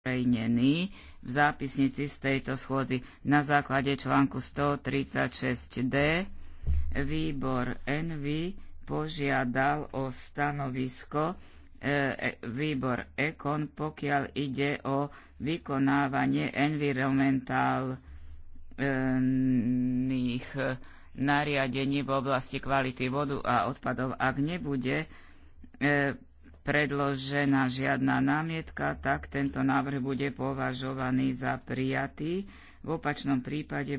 uverejnený v zápisnici z tejto schôdzi na základe článku 136d. Výbor Envy požiadal o stanovisko e, e, výbor Ekon, pokiaľ ide o vykonávanie environmentálnych e, nariadení v oblasti kvality vodu a odpadov, ak nebude predložená žiadna námietka, tak tento návrh bude považovaný za prijatý. V opačnom prípade